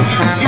Yeah.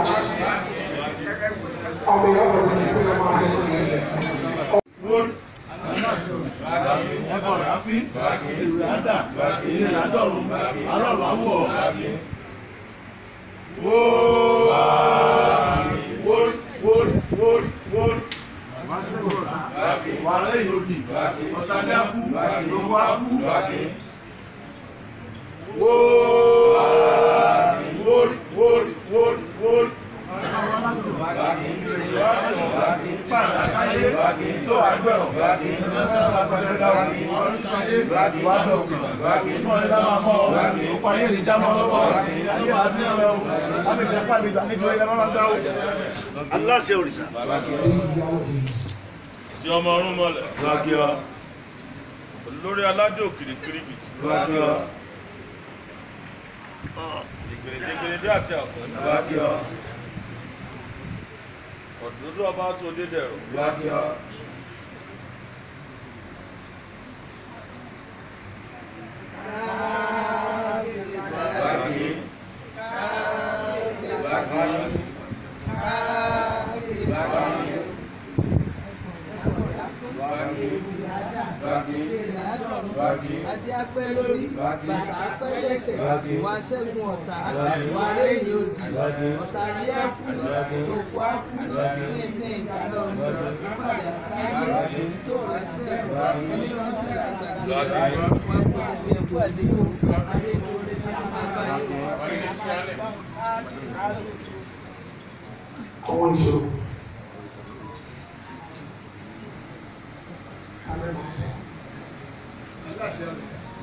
arte, ao melhor da disciplina, uma ciência. ìwádọ̀ inú ọ̀rẹ́ la máa mọ̀ ọ́ òkú ayé ní jámọ́ lọ́wọ́ ayé máa sí ọ̀rẹ́ o lábẹ́sẹ̀ fàmì ìgbà nítorí ẹ̀rọ máa gbá o. aláṣẹ òrìṣà. ti ọmọ ọrún mọlẹ. olórí aládé òkèrè kiribiti. ìgbèrèdè ah, gbèrèdè àti àkọ́. ọ̀dọ́dọ́ ọba tó dé dẹ̀rọ. pẹ́ lórí bàtà pẹ́ lẹ́sẹ̀ wà ṣẹ́gun ọ̀tá wà lẹ́yìn odi ọ̀tá yẹ kú òkú akú ní ẹ̀tẹ́ ìdáná ìpàdé àtàyè tó rà tẹ̀ ẹni lọ sí àgbàdo wà kú àbí ẹ̀kú àdéhùn àbí ìṣòro ní àbáyé. Àwọn ìṣòro. Alẹ́ mọ̀ tẹ̀.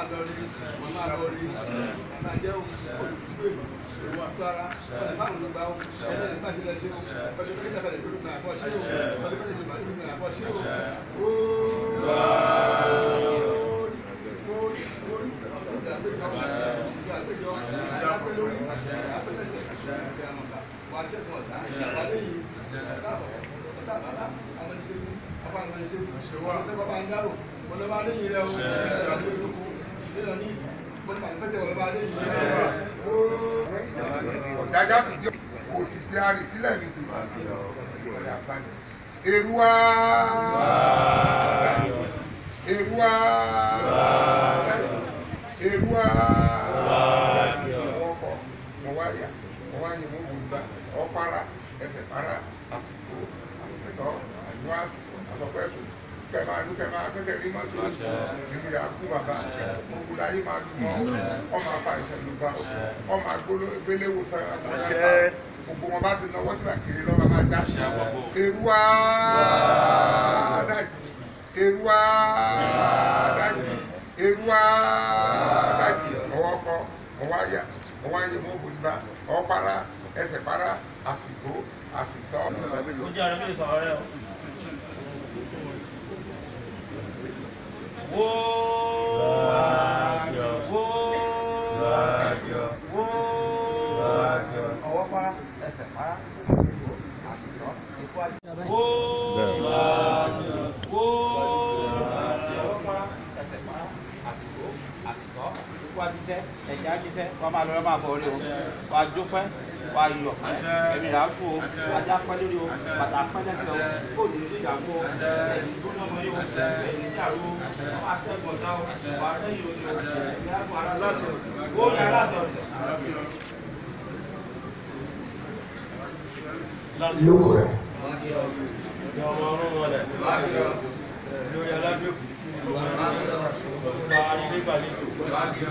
máa lọ rí wọ́n máa lọ rí máa jẹ́ olùdúgbò ìlú àtúwárá ọ̀sẹ̀ márùn ló gbà ó ọ̀sẹ̀ nígbà tí lẹ ṣe ó ọ̀sẹ̀ pé nígbà tí lè gbà kọ́ ṣé ó ọ̀sẹ̀ pé nígbà tí lè gbà kọ́ ṣé ó Ọ̀sẹ̀ wa. Ọ̀sẹ̀ bàbá ń dárò. Wọ́n lọ bá ní ìrẹ́ o ọ̀dájà fìdí kò ọ̀pára ẹsẹ̀ para àsìkò àsìkò àyíwá àsìkò àtọ̀pẹ́ ẹ̀sùn kẹmà ní kẹmà akẹsẹ ní ma sọ ìlú yà kú bàbá òkú la yìí máa dùn mọ ọmọ afa ìṣẹ̀lú bá ọmọ agbolo gbélé wò fẹ àtàlẹ gbogbo wọn bá ti náwó síbà kiri lọ́wọ́ máa dá sí eru wa dájú eru wa dájú eru wa dájú ọwọ́ kọ ọwọ́ ayà ọwọ́ ayé mọ́ òbòlùbá ọwọ́ para ẹsẹ̀ para àsìkò àsìkò. ojú àrẹ mi sọ̀rọ̀ rẹ o. wàá máa lọ́rọ́ máa bọ̀ rí o wàá jópẹ́ wàá yọ̀ ẹ̀mí rà kú o ajá pẹ́ lórí o bàtà pẹ́ lẹ́sẹ̀ o kò ní rí ìyàwó o ẹ̀yìn tó lọ́mọ yìí o ẹ̀yìn ìyàwó o wàá sẹ́gun ọ̀tá o wàá lẹ́yìn o ìyàwó ara lọ́sẹ̀ o ní aláṣọ. lóko rẹ̀. ìjọba ọlọ́run wọlé lórí alábẹ́kù gba ilé gbàlejò.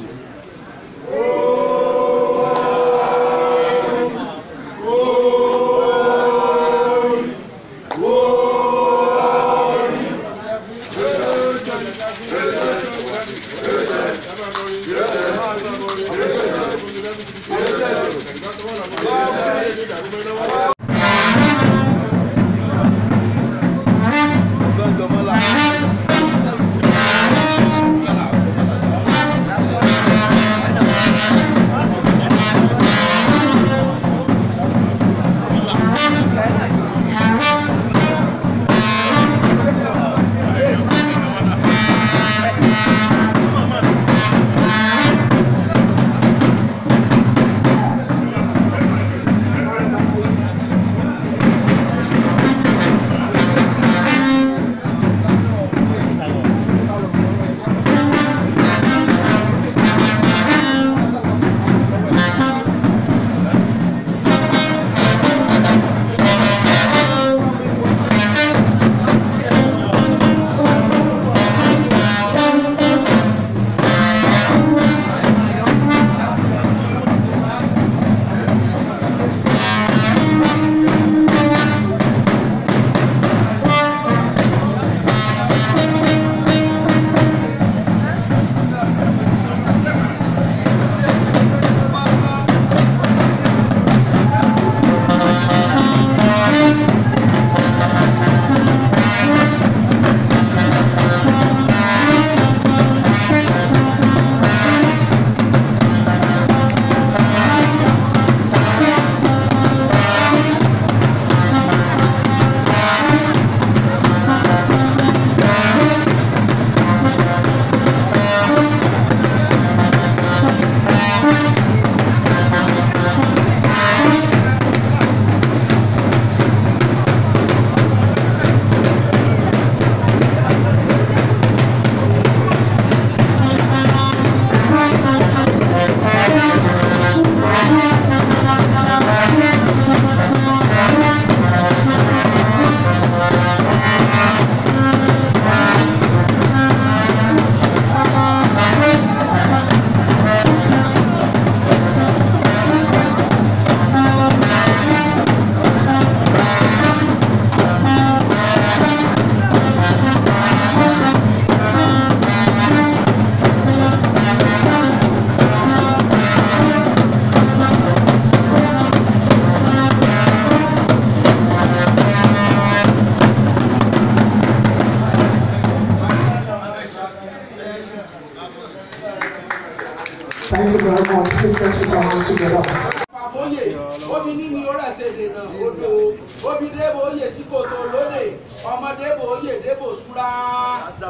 débò oyè débò súra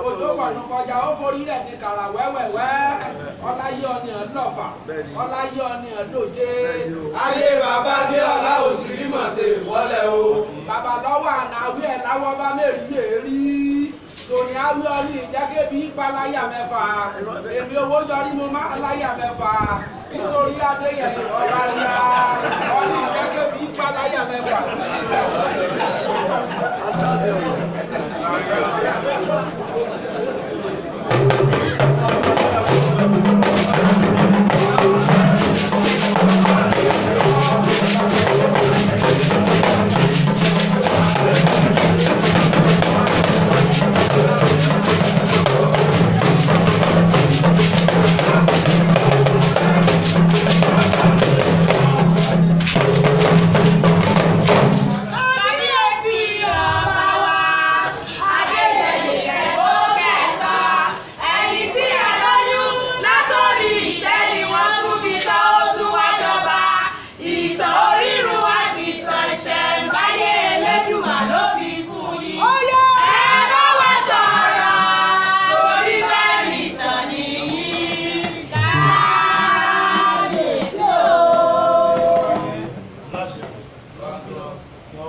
òjò pọ̀nù kọjá ó forí rẹ̀ ní kàrà wẹ́wẹ́wẹ́ ọláyé ọ̀nì ọ̀dọ́fà ọláyé ọ̀nì ọ̀dọ́jé. ayé bàbá dé ọlá òsì rí mọ̀ ṣe ìfọ́lẹ̀ o. bàbá lọ́wọ́ ànáwí ẹ̀ láwọ́ bá mẹ́rin yé e rí tòní awé ọní ìjákébí ipa láyà èmi owó jọrí mo má láyà mẹ́fà nítorí adéyẹ̀yẹ̀ ọ̀bá rí a ọní ìjákébí ipa láyà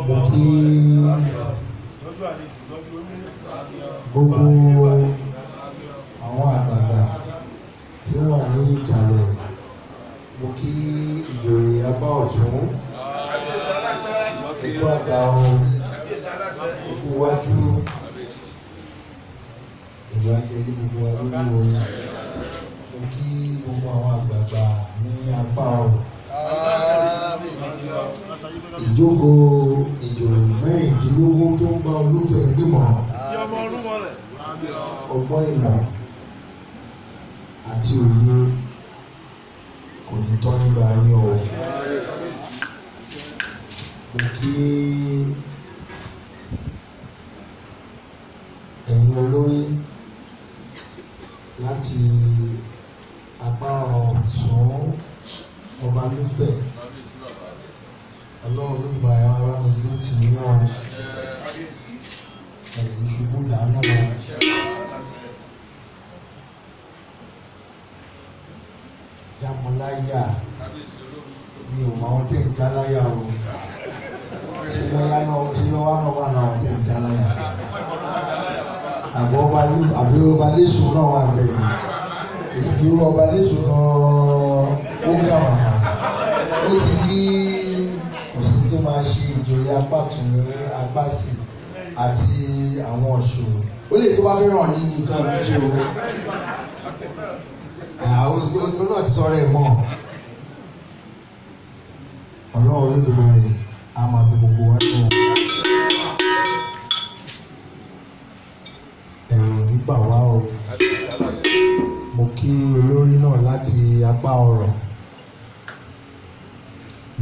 mo kí gbogbo àwọn àgbààgbà tí ó wà ní ìkàlẹ̀ mo kí ìjòyè apá ọ̀tún ikú àgbà o ikú iwájú ìwà jẹrí gbogbo wa lórí mo kí gbogbo àwọn àgbààgbà ní apá ọ̀tún ìjókòó ìjòyè mẹ́rìndínlógún tó ń bá olúfẹ́ gbìmọ̀ ọgbọ́n ìmọ̀ àti òye kò ní tán nígbà yín o mo kí ẹ̀yin olórí láti apá ọ̀tún ọba lúfẹ̀ẹ́ ọlọ́run olódùmarè àwọn ará mi dúró tì ní ọ̀run ẹ̀yìn ṣubú dàánù wa. jámúláyà mi ò mọ àwọn tẹ̀ ń jáláyà o ṣé lọ́yà náà ṣé lọ́wọ́ náà wà náà àwọn tẹ̀ ń jáláyà àbọ̀ ọba àbí ọba lẹ́sùn náà wà bẹ́ẹ̀ ni ìdúró ọba ṣe ìjòyè apátùn apáṣì àti àwọn ọ̀ṣọ́ ó lè tó bá fẹ́ràn ní nìkan méjì o àwọn ah, náà ti sọ̀rọ̀ ẹ̀ mọ́ ọlọ́run olódùmarè a máa bí gbogbo wa nù. ẹ̀rù nígbà wá o mo kí olórí náà láti apá ọ̀rọ̀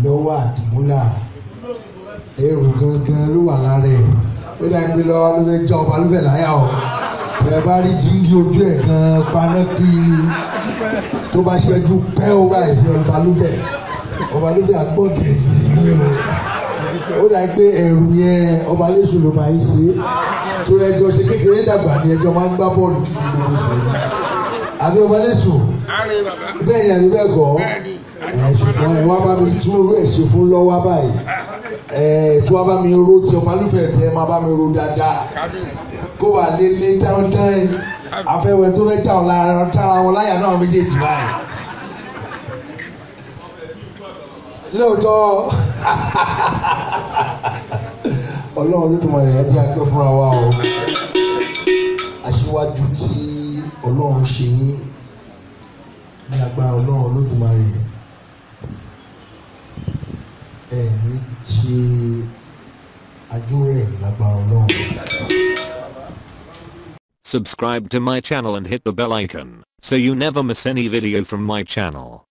lọ́wọ́ àdìmúlà ewu gangan ló wà lára ẹ̀ ó dá gbé lọ́wọ́ ló fẹ́ já ọba ló fẹ́ láyà o tẹ bá rí jíǹgì ojú ẹ̀ gan paná kiri ni tó bá ṣẹ́jú pẹ́ ó bá ẹ̀ sí ọba ló fẹ́ ọba ló fẹ́ àgbọ̀ ni o ó dá gbé ẹ̀rù yẹn ọba lẹ́sù ló máa ń ṣe tó rẹ ṣe kékeré dàgbà ni ẹjọ́ máa ń gbá bọ́ọ̀lù kiri gbogbo fún mi àbí ọba lẹ́sù bẹ́ẹ̀ ni àbí bẹ́ẹ̀ kọ́ ṣùgbọ́n ẹ wá bá mi tún orú ẹ̀ ṣe fún lọ́wọ́ báyìí ẹ tí wọ́n bá mi ro ti Ọmọlúfẹ̀ tẹ ẹ máa bá mi ro dáadáa kó wà lé lé dáńdán afẹ́wẹ́ tó fẹ́ jà ọ̀la tára wọn láyà náà méjèèjì báyìí. lóòótọ́ ọlọ́run Olódùmarè ẹ jẹ́ apẹ́ fúnra wa o aṣíwájú tí ọlọ́run ṣe yín ní agbára ọlọ́run Olódùmarè yìí. ṣe lágbára ọlọ́run. Subscribe to my channel and hit the bell icon so you never miss any video from my channel.